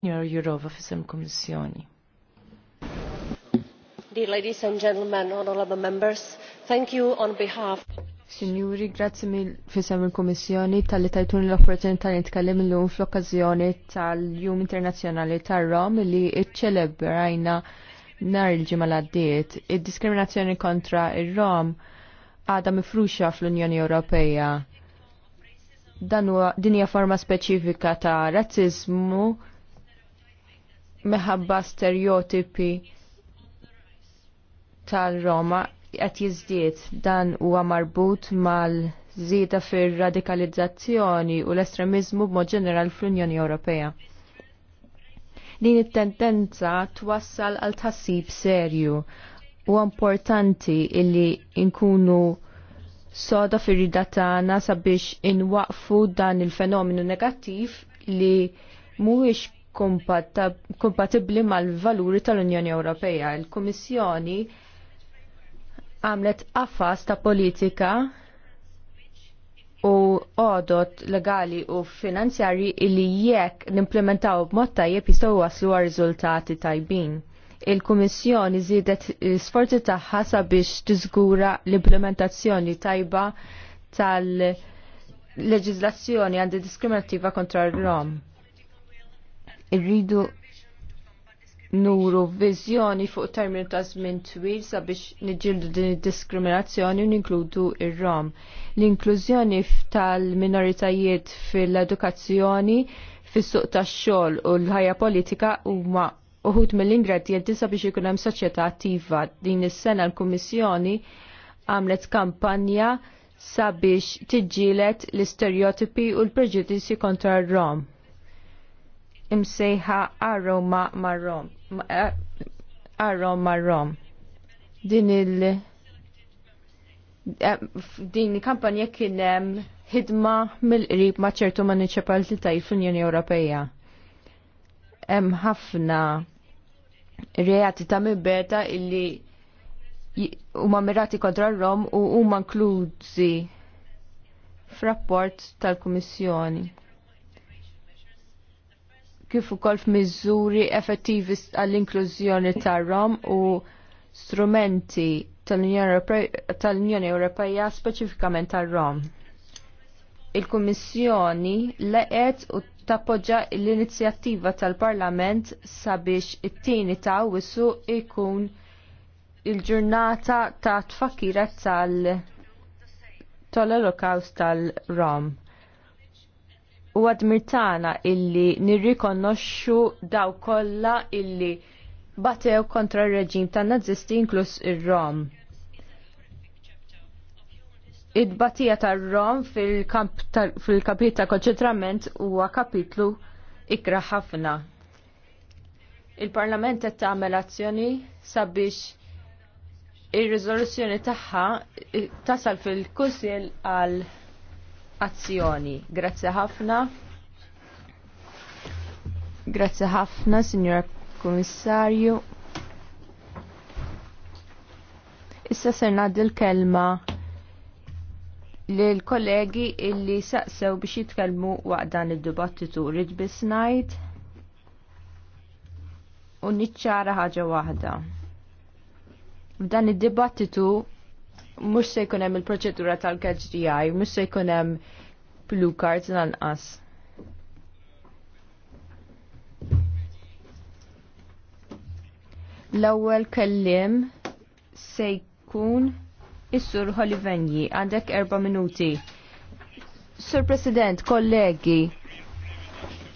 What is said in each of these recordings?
Signor Jurova fissem Kommissjoni. Dear ladies and gentlemen, honorable members, thank you on behalf Signori, grazie mille fisem il-Kommissjoni tal-li tajtun l-opportunità li nitkellem illum fl-okkażjoni tal-Jum Internazzjonali tar-Rom li iċċelebrajna nhar il-ġimgħa l-għaddiet. Id-diskriminazzjoni kontra il rom għadha mifruxa fl-Unjoni Ewropea. Dan huwa din hija forma speċifika ta' razziżmu meħabba stereotipi tal-Roma qed jiżdied dan huwa marbut mal-żieda fir-radikalizzazzjoni u l-estremizmu b'mod ġeneral fl-Unjoni Ewropea. Din it-tendenza twassal għal tassib serju u importanti illi nkunu soda fir-rida tagħna sabiex inwaqfu dan il-fenomenu negattiv li mhuwiex kompatibbli mal-valuri tal-Unjoni Ewropea. Il-Kummissjoni għamlet affas ta' politika u għodot legali u finanzjari illi jekk nimplementaw b'mod tajjeb jistgħu waslu għal riżultati tajbin. Il-Kummissjoni żiedet sforzi tagħha sabiex tiżgura l-implementazzjoni tajba tal-leġiżlazzjoni antidiskriminativa kontra r-Rom Irridu nuru viżjoni fuq termin ta' żmien twil sabiex niġildu din id-diskriminazzjoni u ninkludu ir-Rom. L-inklużjoni tal-minoritajiet fil-edukazzjoni fis-suq tax-xogħol u l-ħajja politika huma uħud mill ingredjenti sabiex ikun hemm soċjetà attiva. Din is-sena l-Kummissjoni għamlet kampanja sabiex tiġġielet l-istereotipi u l-preġudizzi kontra r-Rom imsejħa aroma Marom. Eh, aroma Marom. Din il- eh, din kampanja kien hemm ħidma mill-qrib ma' ċertu municipalitajiet fl-Unjoni Ewropea. Hemm ħafna reati ta' mibbeta illi huma mirati kontra r-Rom u huma inklużi f'rapport tal-Kummissjoni kif ukoll f'miżuri effettivi għall-inklużjoni tar-Rom u strumenti tal-Unjoni Ewropea speċifikament tar-Rom. Il-Kummissjoni leqet u tappoġġa l-inizjattiva tal-Parlament sabiex it-tieni ta' wisu ikun il-ġurnata ta' tfakkira tal- tal-Holocaust tal-Rom u mirtana illi nirrikonnoxxu daw kollha illi batew kontra r-reġim tan nazisti inkluż ir-Rom. Id-batija tar-Rom fil-kapitlu ta' konċentrament huwa kapitlu ikra ħafna. Il-Parlament qed tagħmel azzjoni sabiex ir-riżoluzzjoni tagħha tasal fil-Kunsill għal azzjoni. Grazzi ħafna. Grazzi ħafna, Signora Komissarju. Issa ser ngħaddi l-kelma lil kollegi illi saqsew biex jitkellmu waqt dan id-dibattitu Rid biss ngħid u niċċara ħaġa waħda. F'dan id-dibattitu mux se jkunem il-proċedura tal-KGI, mux se jkunem blue cards lanqas. L-ewwel kellim se jkun is-sur Holivenji għandek erba' minuti. Sur President, kollegi,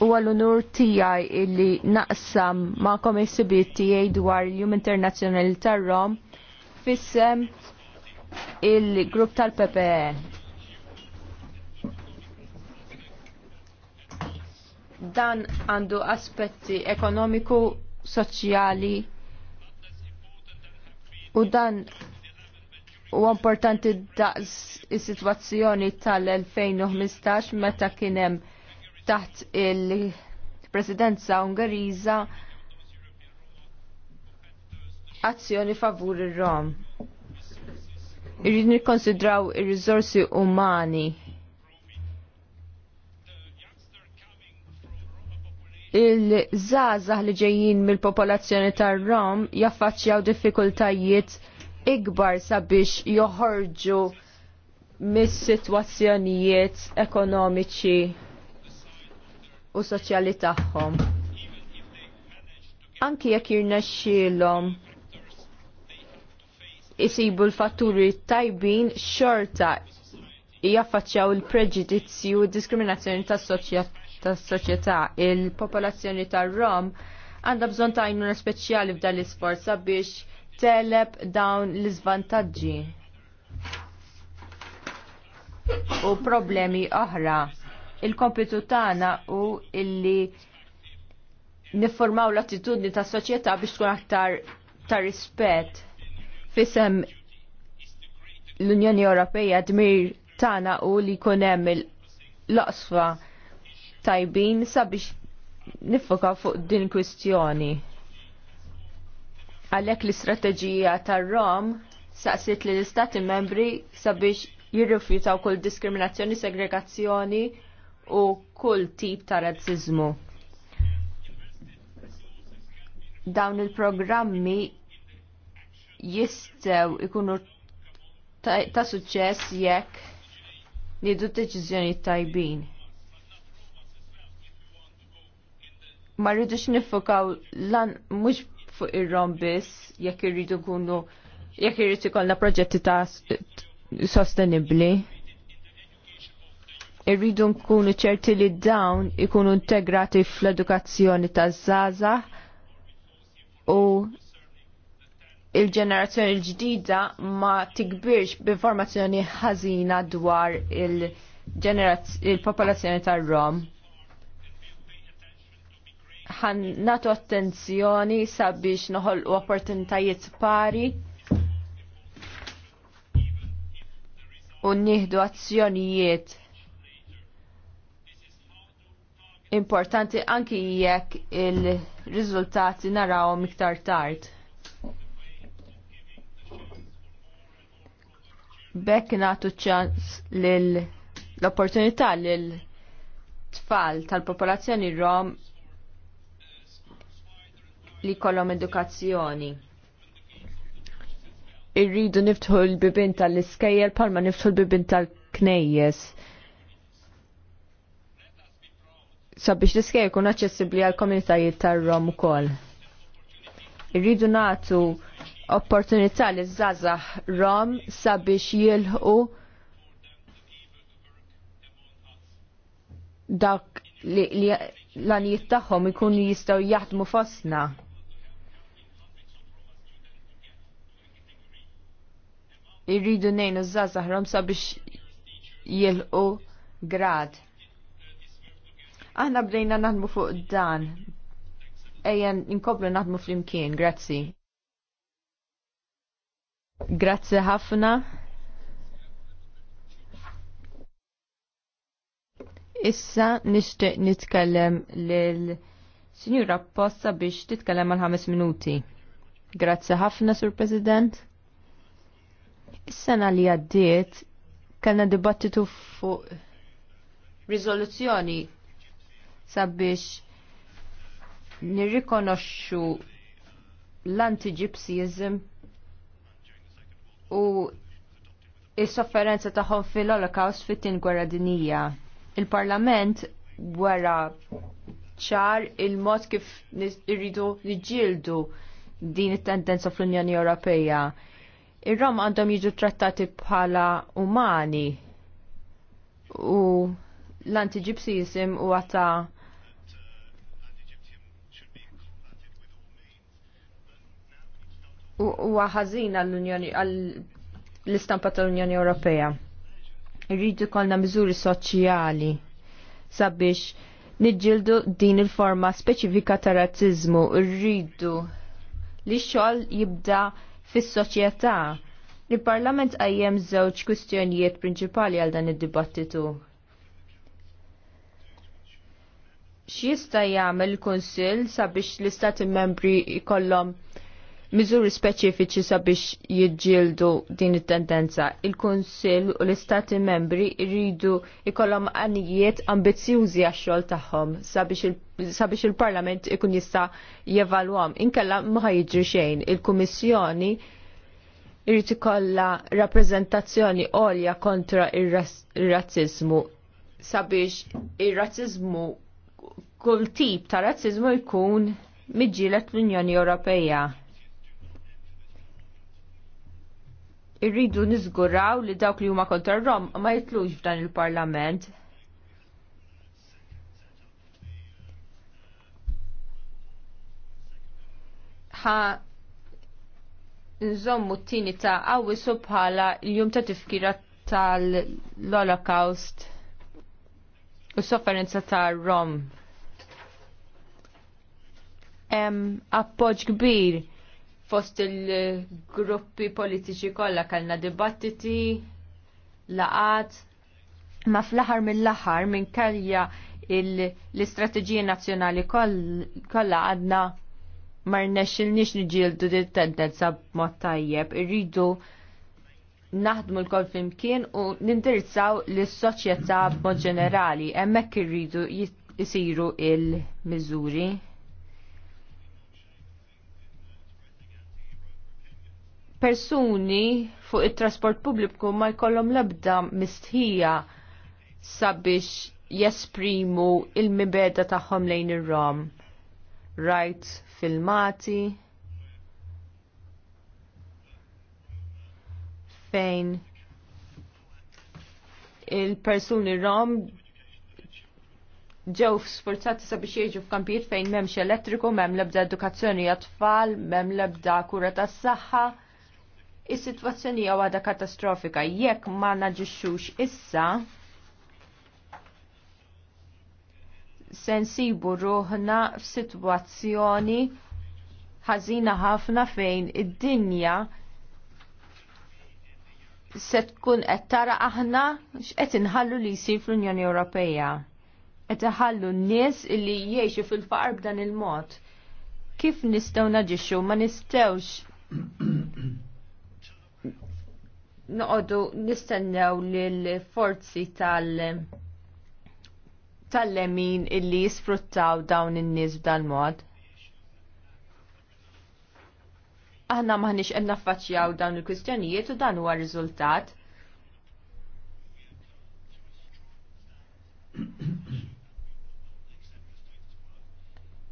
u għal unur tijaj illi naqsam ma' komissibiet tijaj dwar l-Jum Internazjonali tar-Rom fissem il-grupp tal-PPE. Dan għandu aspetti ekonomiku, soċjali u dan u importanti daqs is-sitwazzjoni tal-2015 meta kienem taħt il-presidenza Ungeriża azzjoni favur ir-Rom. Irrid nikkonsidraw ir-riżorsi umani. il żazah li ġejjin mill-popolazzjoni tar-Rom jaffaċċjaw diffikultajiet ikbar sabiex joħorġu mis-sitwazzjonijiet ekonomiċi u soċjali tagħhom. Anki jekk jirnexxielhom isibu l-fatturi tajbin xorta jaffaċċaw il-preġudizzju u diskriminazzjoni tas-soċjetà. Il-popolazzjoni tar-Rom għandha bżonn ta' jnuna speċjali f'dan l-isforz sabiex teleb dawn l-iżvantaġġi u problemi oħra. Il-kompitu tagħna u illi niformaw l-attitudni tas soċjetà biex tkun aktar ta' rispett Fisem l-Unjoni Ewropeja dmir tana u li jkun hemm il-loqsfa tajbin sabiex nifoka fuq din kwistjoni. Għalhekk l-istrateġija tar-Rom saqsit li l-istati membri sabiex jirrifjutaw kull diskriminazzjoni, segregazzjoni u kull tip ta' razzizmu. Dawn il-programmi jistew ikunu ta', suċċess jekk jiddu deċiżjoni tajbin. Ma rridux nifokaw lan mhux fuq ir-rom biss jekk irridu nkunu jekk irrid ikollna proġetti ta' sostenibbli. Irridu nkunu ċerti li dawn ikunu integrati fl-edukazzjoni taż zaza u il-ġenerazzjoni l-ġdida ma tikbirx b'informazzjoni ħażina dwar il-popolazzjoni il tar-Rom. Ħan natu attenzjoni sabiex noħolqu opportunitajiet pari u nieħdu azzjonijiet importanti anki jekk il-riżultati narawhom iktar tard. bekk nagħtu ċans l-opportunità l tfal tal-popolazzjoni rom li kollom edukazzjoni irridu niftħu l-bibin tal-iskejjel palma niftħu l-bibin tal-knejjes. Sabiex l-iskejjel kun aċċessibbli għal komunitajiet tar-Rom ukoll. Irridu natu opportunità li żgħażagħ Rom sabiex jilħu dak li, li l-anijiet tagħhom ikunu jistgħu jaħdmu fostna. Irridu nejnu żgħażagħ Rom sabiex jilħu grad. Aħna bdejna naħdmu fuq dan. Ejjen inkomplu naħdmu fl-imkien, grazzi. Grazzi ħafna. Issa nixtieq nitkellem lil Sinjura Possa biex titkellem għal ħames minuti. Grazzi ħafna, Sur President. Is-sena li għaddiet kellna dibattitu fuq riżoluzzjoni sabiex nirrikonoxxu l-antigypsyism u il sofferenza tagħhom fil-Holocaust fit-tin gwerra dinija. Il-Parlament wara ċar il-mod kif irridu niġġieldu din it-tendenza fl-Unjoni Ewropea. Ir-Rom għandhom jiġu trattati bħala umani u l-antiġipsizm u għata huwa ħażin għall-Unjoni għall-istampa tal-Unjoni Ewropea. Irridu kollna miżuri soċjali sabiex niġġieldu din il-forma speċifika ta' razzizmu. Irridu li xogħol jibda fis-soċjetà. Il-Parlament għajjem żewġ kwistjonijiet prinċipali għal dan id-dibattitu. X'jista' jagħmel il-Kunsill sabiex l-Istati membri jkollhom miżuri speċifiċi sabiex jiġġieldu din it-tendenza. Il-Kunsill u l-Istati membri jridu ikollhom għanijiet ambizzjużi għax-xogħol tagħhom sabiex il-Parlament ikun jista' jevalwhom. Inkella ma jiġri xejn. Il-Kummissjoni jrid ikollha rappreżentazzjoni għolja kontra ir razziżmu sabiex ir razziżmu kull tip ta' razziżmu jkun miġġielet l-Unjoni Ewropea irridu niżguraw li dawk li huma kontra Rom ma jitlux f'dan il-Parlament. ħa nżommu t-tini ta' għawisu bħala l-jum ta' tifkira tal-Holocaust u sofferenza ta' Rom. Em, appoġġ kbir fost il-gruppi politiċi kollha kellna dibattiti, laqat, ma fl-aħħar mill-aħħar kellja l-istrateġija nazzjonali kollha għadna ma rnexxilniex niġieldu din tendenza b'mod tajjeb, irridu naħdmu l-kol flimkien u nindirizzaw l-soċjetà b'mod ġenerali, hemmhekk irridu jisiru il-miżuri. persuni fuq it-trasport pubbliku ma jkollhom l-ebda mistħija sabiex jesprimu il-mibeda tagħhom lejn ir-rom. Rajt filmati fejn il-persuni rom ġew sforzati sabiex jiġu f'kampijiet fejn m'hemmx elettriku, m'hemm lebda edukazzjoni għat-tfal, m'hemm l-ebda kura tas-saħħa. Is-sitwazzjoni hija għada katastrofika jekk ma naġixxux issa sensibu ruħna f'sitwazzjoni ħażina ħafna fejn id-dinja se tkun qed tara aħna x'qed inħallu li jsir fl-Unjoni Ewropea. Qed iħallu n-nies li jgħixu fil-faqar b'dan il-mod. Kif nistgħu naġixxu ma nistgħux noqodu nistennew l-forzi tal- tal-lemin illi jisfruttaw dawn in-nies b'dan mod. Aħna maħniex qed naffaċċjaw dawn il-kwistjonijiet u dan huwa riżultat.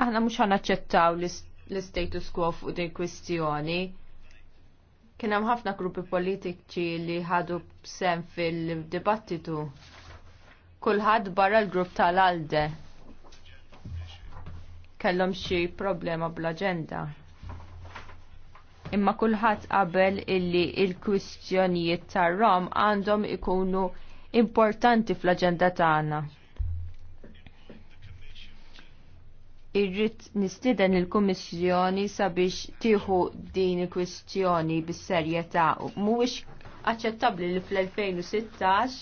Aħna mhux ħanaċċettaw l-status quo fuq din kwistjoni. Kien hemm ħafna gruppi politiċi li ħadu sem fil-dibattitu. Kulħadd barra l-grupp tal-Alde. Kellhom xi problema bl-aġenda. Imma kulħadd qabel illi il-kwistjonijiet tar-Rom għandhom ikunu importanti fl-aġenda tagħna. irrit nistiden il-Kummissjoni sabiex tieħu din il-kwistjoni bis-serjetà mhuwiex aċċettabbli li fl-2016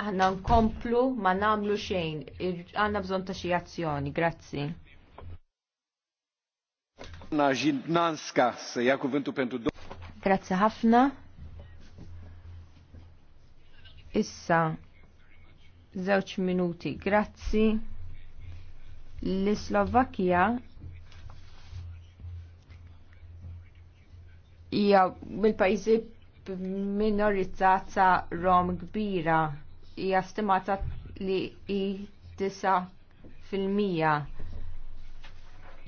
aħna nkomplu ma nagħmlu xejn, għandna bżonn ta' xi azzjoni, grazzi. Grazzi ħafna. Issa, zewċ minuti, grazzi l slovakija hija mill-pajjiżi minorizzata Rom kbira hija stimata li hi tisa fil-mija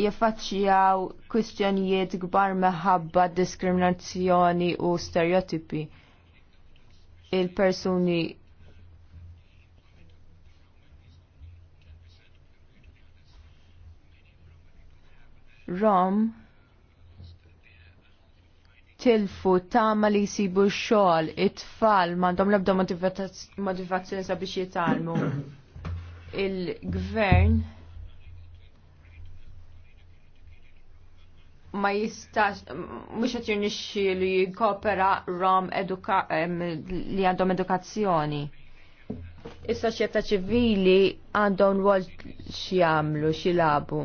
jaffaċċjaw kwistjonijiet kbar meħabba diskriminazzjoni u stereotipi. Il-persuni Rom tilfu tama li jisibu xol, it-tfal mandom labda motivazzjoni sabiex jitalmu. Il-gvern ma jistax, mux għat jirnixi li jikopera rom eduka, li għandhom edukazzjoni. Is-soċjetà ċivili għandhom rwol xi jagħmlu, xi labu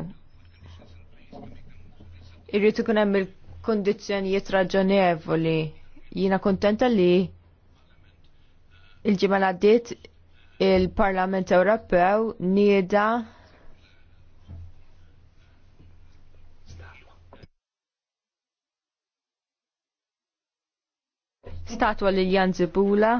irrid ikun hemm il-kundizzjonijiet raġonevoli. Jiena kuntenta li il-ġimgħa għaddiet il-Parlament Ewropew nieda statwa li Jan Zibula.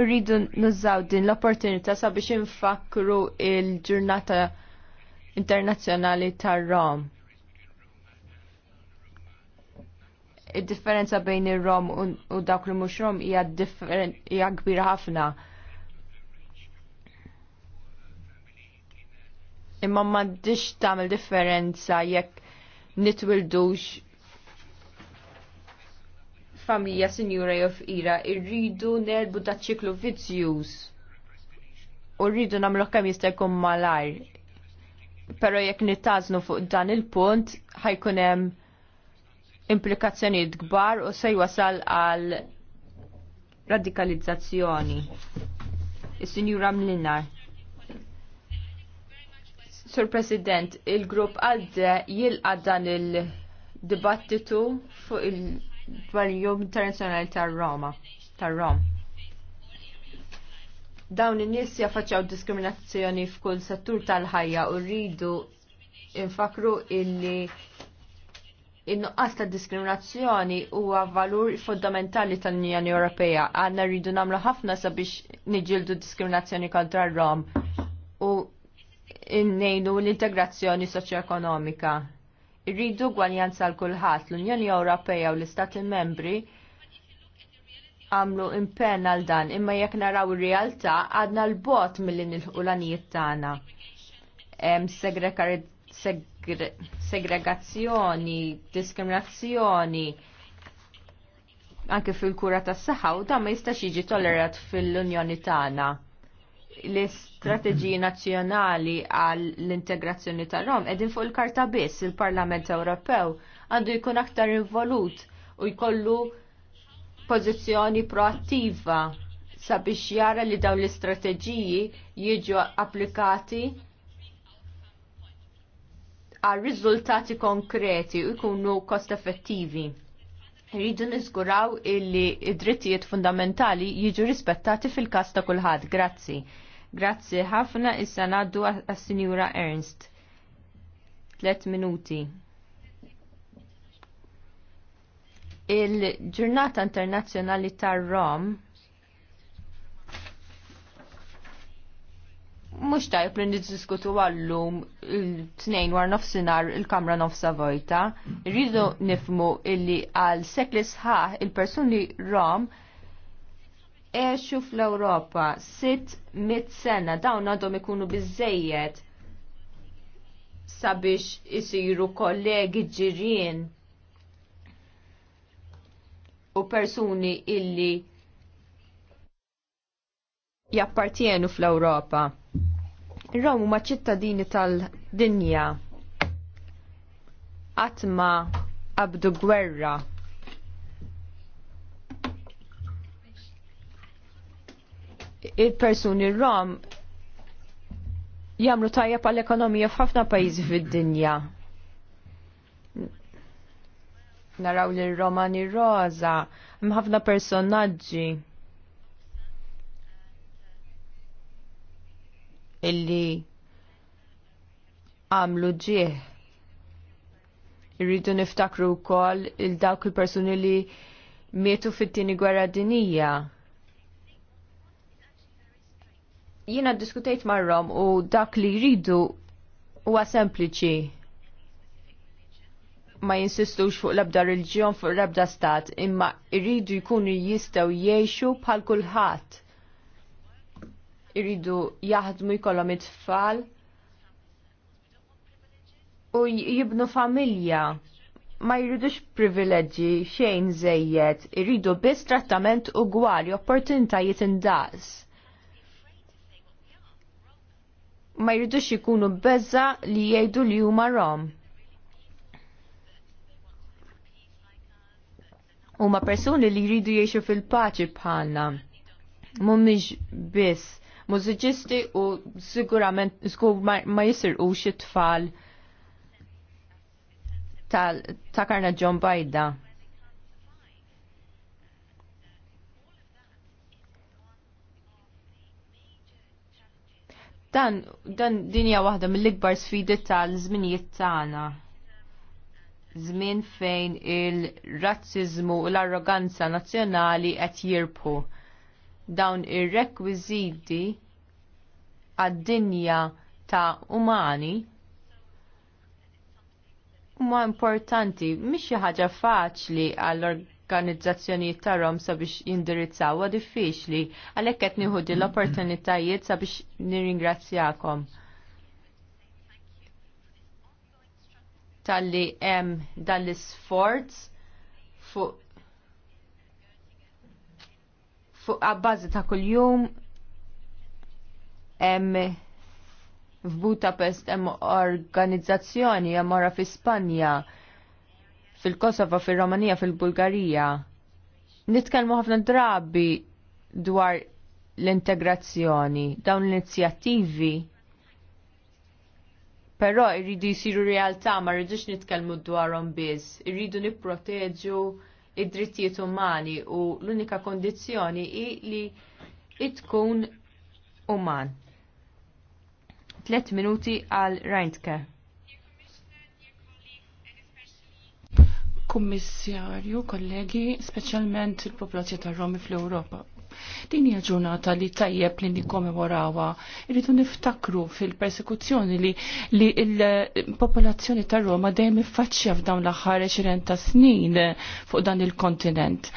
Irridu nużaw din l-opportunità sabiex infakru il-ġurnata Internazzjonali tar-Rom. Id-differenza bejn ir-Rom u dawk li mhux Rom hija kbira ħafna. Imma m'għandix tagħmel differenza jekk nitwildux familja sinjura jew fqira irridu nerbu daċ ċiklu vizzjuż u rridu nagħmlu kemm jista' jkun malajr pero jekk nittaznu fuq dan il-punt ħajkun hemm implikazzjonijiet kbar u se wasal għal radikalizzazzjoni. Is-Sinjura Mlinar. Sur President, il-grupp għalde jilqa dan il-dibattitu fuq il-dwar jum Internazzjonali tar-Roma, tar-Rom. Dawn in-nies jaffaċċjaw diskriminazzjoni f'kull settur tal-ħajja u rridu infakru illi in-nuqqas ta' diskriminazzjoni huwa valur fondamentali tal-Unjoni Ewropea. Għandna rridu nagħmlu ħafna sabiex niġildu diskriminazzjoni kontra r-Rom u innejnu l-integrazzjoni soċjoekonomika. Irridu gwaljanza għal kulħadd l-Unjoni Ewropea u l-Istati Membri għamlu impenn għal dan, imma jekk naraw ir-realtà għadna l-bot mill-li nilħu l-għanijiet tagħna. Segregazzjoni, diskriminazzjoni, anke fil-kura tas saħħa u dan ma jistax jiġi tollerat fil-Unjoni tagħna. L-istrateġiji nazzjonali għall l-integrazzjoni tar-Rom qegħdin fuq il-karta biss il-Parlament Ewropew għandu jkun aktar involut u jkollu pożizzjoni proattiva sabiex jara li dawn l-istrateġiji jiġu applikati għal riżultati konkreti u jkunu kost effettivi. Rridu niżguraw illi id-drittijiet fundamentali jiġu rispettati fil kasta ta' kulħadd. Grazzi. Grazzi ħafna issa ngħaddu għas-Sinjura Ernst. Tlet minuti. il-ġurnata internazzjonali tar-Rom mux tajb li niddiskutu għallum il-tnejn war nofsinar il-kamra nofsa vojta, rridu nifmu illi għal sekli sħaħ il-personi rom eħxu fl-Europa sit mit sena dawn għadhom ikunu bizzejiet sabiex isiru kollegi ġirien u persuni illi jappartienu fl-Ewropa. Romu ma ċittadini tal-dinja għatma abdu gwerra il-persuni rom jamlu tajja pal-ekonomija f'ħafna pajjiżi fid-dinja naraw li romani roza, mħafna personaġġi illi għamlu ġieħ. Irridu niftakru kol il-dawk il-personi li mietu fit-tini gwerra dinija. Jina diskutejt marrom u dak li jridu huwa sempliċi ma jinsistux fuq l-ebda reġjon fuq l-ebda stat, imma irridu jkunu jistaw jiexu bħal kulħadd. Irridu jaħdmu jkollhom it-tfal u jibnu familja. Ma jridux privileġġi xejn żejjed, irridu biss trattament ugwali, opportunitajiet indaqs. Ma jridux ikunu beżza li jgħidu li huma Rom huma persuni li jridu jgħixu fil-paċi bħalna. Mhumiex biss mużiċisti u sigurament skur ma, jisir u xitfall tfal ta' karna ġon bajda. Dan, dan dinja waħda mill-ikbar sfidi tal-żminijiet tagħna żmien fejn il-razzizmu u l-arroganza nazzjonali qed jirpu. Dawn ir-rekwiżiti għad-dinja ta' umani huma importanti, mhix xi ħaġa faċli għall-organizzazzjonijiet tagħhom sabiex jindirizzaw diffiċli għalhekk qed nieħu l-opportunitajiet sabiex nirringrazzjakom. tal-li hemm dan l-isforz fuq fuq għabbażi ta' kuljum hemm f'Budapest hemm organizzazzjoni hemm ora fi Spanja fil-Kosovo, fil-Romanija, fil-Bulgarija. Nitkellmu ħafna drabi dwar l-integrazzjoni, dawn l-inizjattivi però jridu jisiru realtà ma rridux nitkellmu dwarhom biss, irridu nipproteġu id-drittijiet umani u l-unika kondizzjoni li tkun uman. Tlet minuti għal Reintke. kummissarju, kollegi, specialment il-popolazzjoni tar-Romi fl-Ewropa. Din hija ġurnata li tajjeb li nikkomemorawha. Irridu niftakru fil-persekuzzjoni li li l-popolazzjoni ta' Roma dejjem iffaċċja f'dawn l-aħħar 20 ta' snin fuq dan il-kontinent.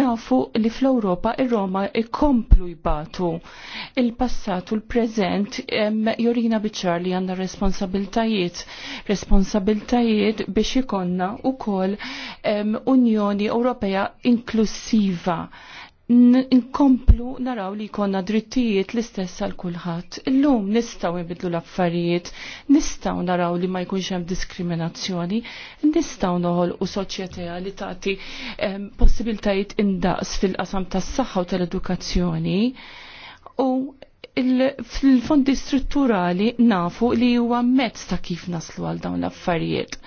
Nafu li fl-Ewropa ir-Roma ikomplu jbatu. Il-passat u l-preżent jorina biċar li għandna responsabiltajiet. Responsabiltajiet biex ikonna u kol Unjoni Ewropea inklusiva nkomplu naraw li jkollna drittijiet l-istess għal kulħadd. Illum nistgħu nbidlu l-affarijiet, nistgħu naraw li ma jkunx hemm diskriminazzjoni, nistgħu noħolqu soċjetà li tagħti possibiltajiet indaqs fil-qasam tas-saħħa u tal-edukazzjoni. U fil-fondi strutturali nafu li huwa mezz ta' kif naslu għal dawn l-affarijiet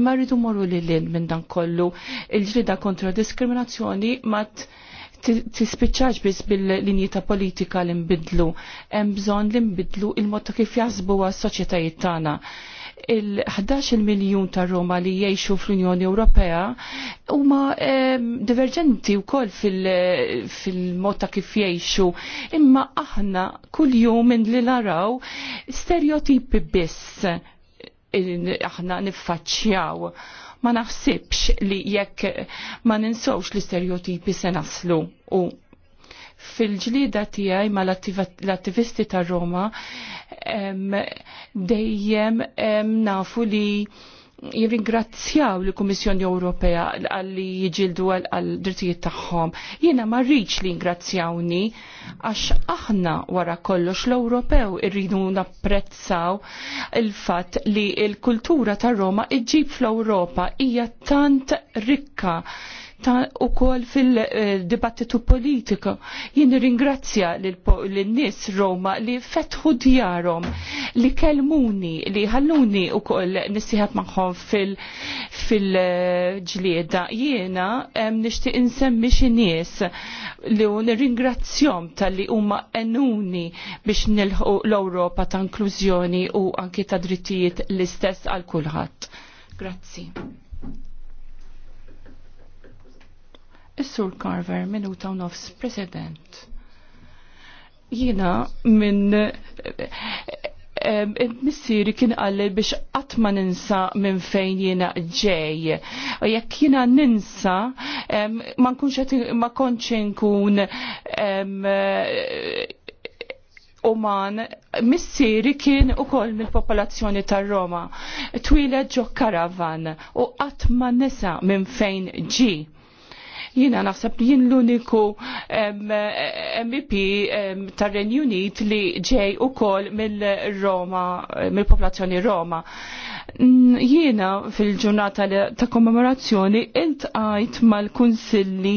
imma rridu morru li l minn dan kollu il-ġrida kontra diskriminazzjoni mat tispiċċax biss bil-linji ta' politika li nbidlu. Hemm bżonn li nbidlu il-mod ta' kif jaħsbu għas-soċjetajiet tagħna. Il-11 miljun ta' Roma li jgħixu fl-Unjoni Ewropea huma diverġenti wkoll fil-mod ta' kif jgħixu, imma aħna kuljum minn li naraw stereotipi biss aħna niffaċċjaw ma naħsibx li jekk ma ninsowx l-istereotipi se naslu u fil-ġlida tiegħi ma l-attivisti tar Roma dejjem nafu li jirringrazzjaw li Kummissjoni Ewropea għalli jiġildu għal drittijiet tagħhom. Jiena ma rridx li jingrazzjawni għax aħna wara kollox l-Ewropew irridu napprezzaw il-fatt li l-kultura tar Roma iġġib fl-Ewropa hija tant rikka ta' u kol fil-dibattitu politiku. Jien ringrazzja l-nis Roma li fetħu djarom, li kelmuni, li ħalluni u kol nisiħab maħħom fil-ġlieda. Fil Jiena nishti insemmi xinies li un ringrazzjom tal-li huma enuni biex nilħu l-Europa ta' inklużjoni u anki ta' drittijiet l-istess għal kulħadd. Grazzi. Is-Sur Carver minuta u nofs President. Jiena minn eh, eh, missieri kien għalli biex għatma ninsa minn fejn jiena ġej. u Jekk jiena ninsa, ma nkunx nkun Oman eh, missieri kien u koll mill-popolazzjoni tar Roma. Twila ġo karavan u għatma nisa minn fejn ġi Jiena naħseb li jien l-uniku MVP tar-Renju Unit li ġej ukoll mill-Roma, mill-popolazzjoni Roma. Jiena fil-ġurnata ta' kommemorazzjoni intqajt mal-kunsilli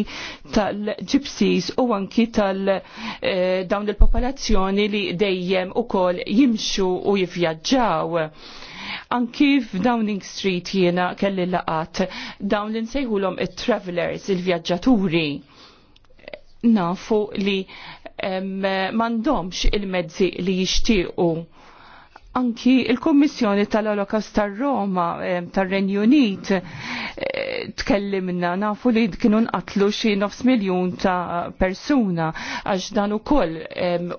tal-ġipsis u anki tal-dawn eh, il-popolazzjoni li dejjem ukoll jimxu u jivvjaġġaw Anki f'Downing Street jiena kelli laqat dawn li nsejħulhom it-travelers, il-vjaġġaturi. Nafu li m'għandhomx il-mezzi li jixtiequ anki il-Kommissjoni tal-Olokas tar-Roma tar-Renju Unit eh, tkellimna nafu li kienu nqatlu xi nofs miljun ta' persuna għax dan ukoll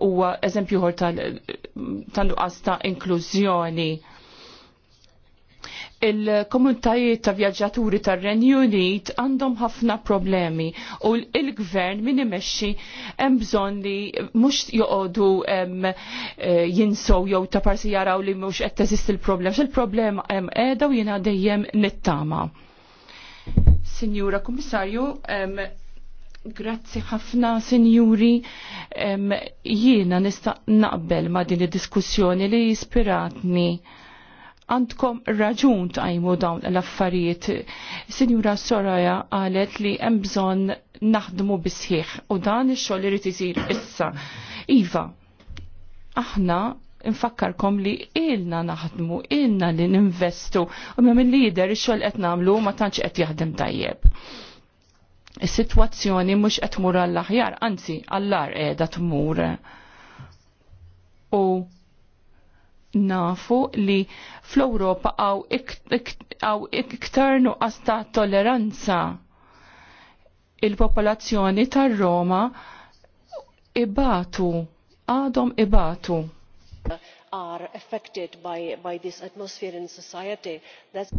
huwa eżempju ħor tal-nuqqas ta' inklużjoni il-komunitajiet ta' vjaġġaturi tar renju Unit għandhom ħafna problemi u il-gvern min imexxi hemm bżonn li mhux joqogħdu eh, jinsow jew ta' parsi jaraw li mhux qed teżist il problem x'il-problema hemm qiegħda u jiena dejjem nittama. Sinjura Komissarju, Grazzi ħafna, sinjuri. Jiena nista' naqbel ma' din id-diskussjoni li jispiratni għandkom raġun tajmu dawn l-affarijiet. Sinjura Soraja għalet li hemm bżonn naħdmu bisħiħ u dan ix-xogħol irid isir issa. Iva, aħna nfakkarkom li ilna naħdmu, ilna li ninvestu, u minn il-lider ix-xogħol qed nagħmlu ma tantx qed jaħdem tajjeb. Is-sitwazzjoni mhux qed tmur għall-aħjar, anzi għall-ar qiegħda tmur. U nafu li fl-Europa għaw iktar ik, nuqqas ta' tolleranza il-popolazzjoni tar Roma ibatu, għadhom ibatu. Are affected by, by this atmosphere in society. That's...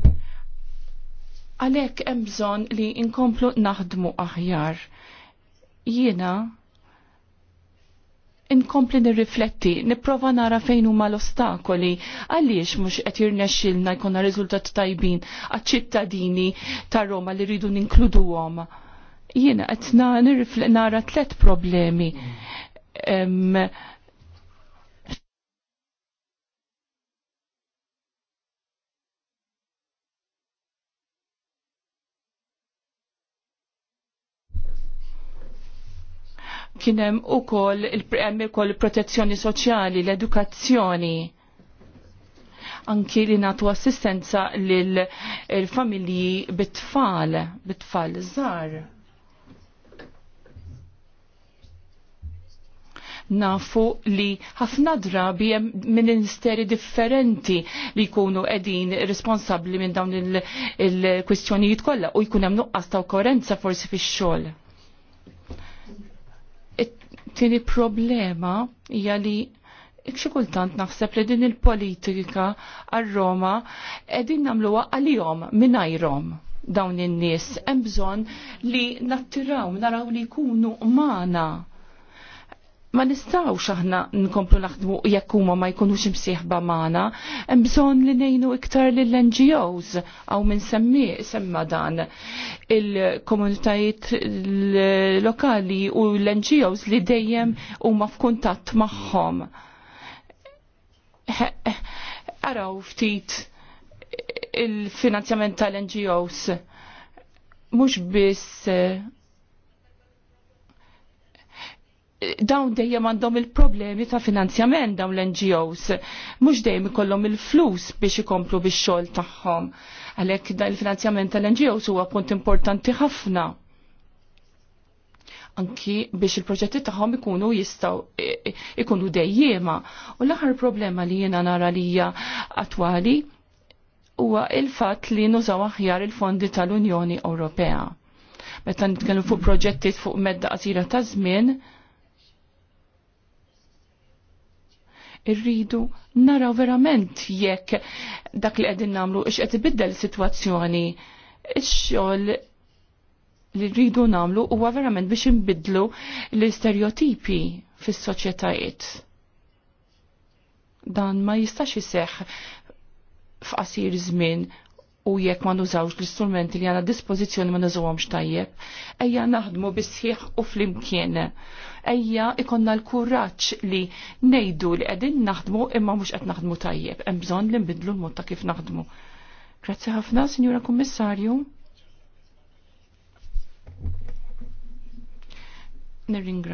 Għalek emżon li inkomplu naħdmu aħjar. Jiena inkompli nirrifletti, nipprova nara fejn huma l-ostakoli, għaliex mhux qed jirnexxilna jkollna riżultat tajbin għaċ-ċittadini ta' Roma li rridu ninkluduhom. Jiena qed nara tliet problemi. Um, kienem u kol il-protezzjoni soċjali, l-edukazzjoni anki li natu assistenza l-familji bit-tfal, bit-tfal zar. Nafu li ħafna drabi hemm ministeri differenti li jkunu qegħdin responsabbli minn dawn il-kwistjonijiet kollha u jkun hemm nuqqas ta' koerenza forsi fix-xogħol Tieni problema hija li kultant naħseb li din il-politika għal roma qegħdin nagħmluha għalihom mingħajrhom dawn in-nies hemm bżonn li nattiraw naraw li jkunu mana ma nistawx aħna nkomplu naħdmu jekk huma ma jkunux imsieħba magħna, hemm bżonn li ngħinu iktar lill-NGOs għaw minn semmi semma dan il-komunitajiet lokali u l-NGOs li dejjem huma f'kuntatt magħhom. Araw ftit il-finanzjament tal-NGOs mhux biss dawn dejjem għandhom il-problemi ta' finanzjament dawn l-NGOs. Mhux dejjem ikollhom il-flus biex ikomplu bix-xogħol tagħhom. Għalhekk da il-finanzjament tal-NGOs huwa punt importanti ħafna. Anki biex il-proġetti tagħhom ikunu jistgħu e, e, ikunu dejjema. U l-aħħar problema li jiena nara hija attwali huwa il-fatt li nużaw aħjar il-fondi tal-Unjoni Ewropea. Meta nitkellmu fuq proġetti fuq medda qasira ta' żmien, irridu naraw verament jekk dak li qegħdin nagħmlu x qed ibiddel sitwazzjoni. Ix-xogħol li rridu nagħmlu huwa verament biex inbidlu l-istereotipi fis-soċjetajiet. Dan ma jistax iseħħ f'qasir żmien u jekk ma nużawx l-istrumenti li għana dispozizjoni ma nużawhomx tajjeb, ejja naħdmu bisħiħ u flimkien. Ejja ikonna l-kurraċ li nejdu li qegħdin naħdmu imma mhux qed naħdmu tajjeb, hemm bżonn li nbidlu l-mod ta' kif naħdmu. Grazzi ħafna, Signora Kommissarju. Nirringra